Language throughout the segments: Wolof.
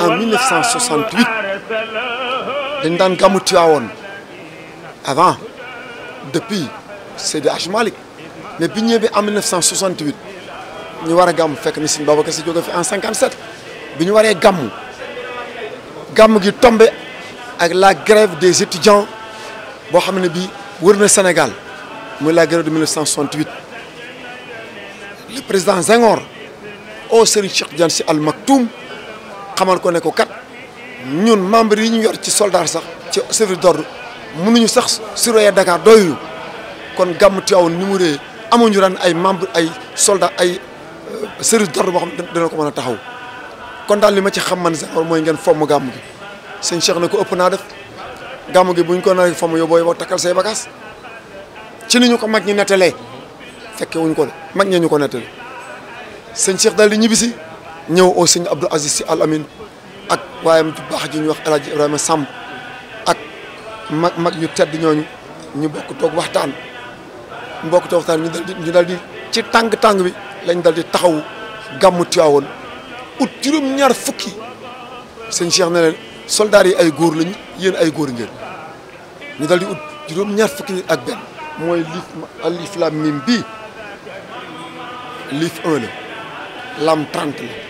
en 1968 avant depuis c'est Hadj Malik. mais puis, en 1968 ñu war a gàmm fekk ni Babacar en 57 bi ñu est gàmmu gàmm tombé avec la grève des étudiants qui Sénégal mais la grève de 1968 le président Zengor au oh Sénégal, Cheikh Al Maktoum xamal ko ne ko kat ñun membre yi ñu yor ci soldaar sax ci service d'ordre ñu sax surveiller Dakar doyuñu kon gàmmu Tivaouane ni mu rëy amuñu ran ay membre ay soldat ay euh, service d'ordre boo xam dana ko mën a taxaw kon daal li ma ci xam man sax mooy ngeen fomm gàmm gi sëñ Cheikh na ko ëpp naa def gàmm gi buñ ko naree fomm yow booy boo takkal say bagages ci ni ñu ko mag ñi nettalee fekke wuñ ko de mag ñee ñu ko nettalee sëñ Cheikh daal li ñibbisi ñew au sëñ Abdou Aziz si Al Amin ak wayam bu bax ji ñu wax El Ibrahima sam ak mag mag ñu tedd ñooñu ñu bokk tok waxtaan mbokk tok waxtaan ñu daldi ñu daldi ci tang tang bi lañ daldi taxaw gamu tiawon ut juróom-ñaar fukki sëñ Cheikh ne leen soldats yi ay goor lañ yeen ay goor ngeen ñu daldi ut juróom-ñaar fukki nit ak ben moy lif alif lam mim bi lif 1 lam 30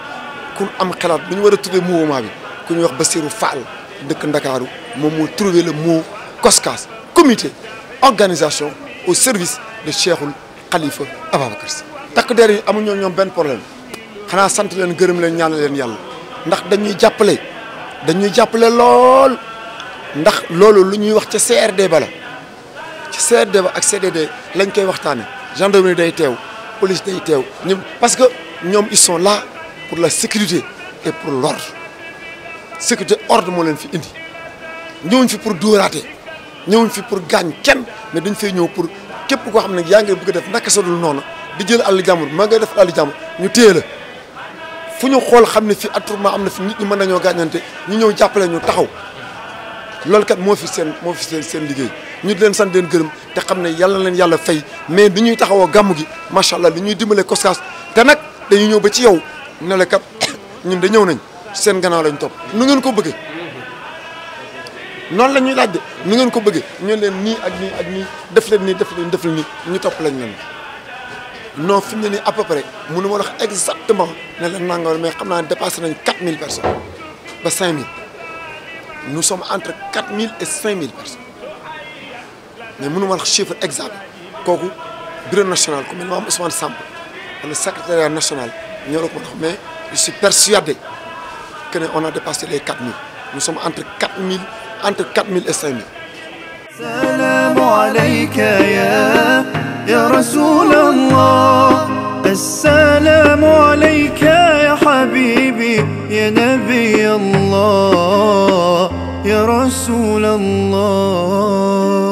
am ñu a le mot COSCAS comité organisation au service de Cheikhul Khalifa Ababacar Sy takk der yi ñoom problème xanaa sant leen gërëm leen leen ndax dañuy jàppale dañuy jàppale lool ndax loolu lu ñuy wax CRD la CRD ba ak CDD lañ koy waxtaane gendarmerie day police day parce que ils sont là pour la sécurité et pour l'ordre sécurité ordre moo leen fi indi ñëwuñ fi pour dóoraate ñëwuñ fi pour gaañ kenn mais dañu fee ñëw pour képp koo xam ne yaa ngi bëgg def naka sadul noonu di jël àll jàmbur maa ngay def àll ñu téye la fu ñu xool xam ne fii ma am na fi nit ñi mën nañoo gaañante ñu ñëw jàppalee ñu taxaw loolu kat moo fi seen moo fi seen liggéey ñu di leen sant leen gërëm te xam ne yàlla leen yàlla fay mais bi ñuy taxawoo gàmmu gi macha allah li ñuy dimbale Coskas te nag dañu ñëw ba ci yow ne le cap ñun de ñëw nañ seen gannaaw lañ top nu ngeen ko bëggee non la ñuy laaj de nu ngeen ko bëggee ñu leen ni ak nii ak nii def leen nii def leen def ni nii ñu topp lañ leen non fi mu ne nii à peu près mënu ma wax exactement ne la nangool mais xam naa dépassé nañ 4000 personnes ba 5000 nous sommes entre 4000 et 5000 personnes mais mënu ma wax chiffre exact kooku bureau national ku mel ne Ousmane Samb wala secrétaire national. mais je suis persuadé qu'on a dépassé les 4000. Nous sommes entre 4000, entre 4000 et 5000. السلام عليك يا يا رسول الله السلام عليك يا حبيبي يا نبي الله يا رسول الله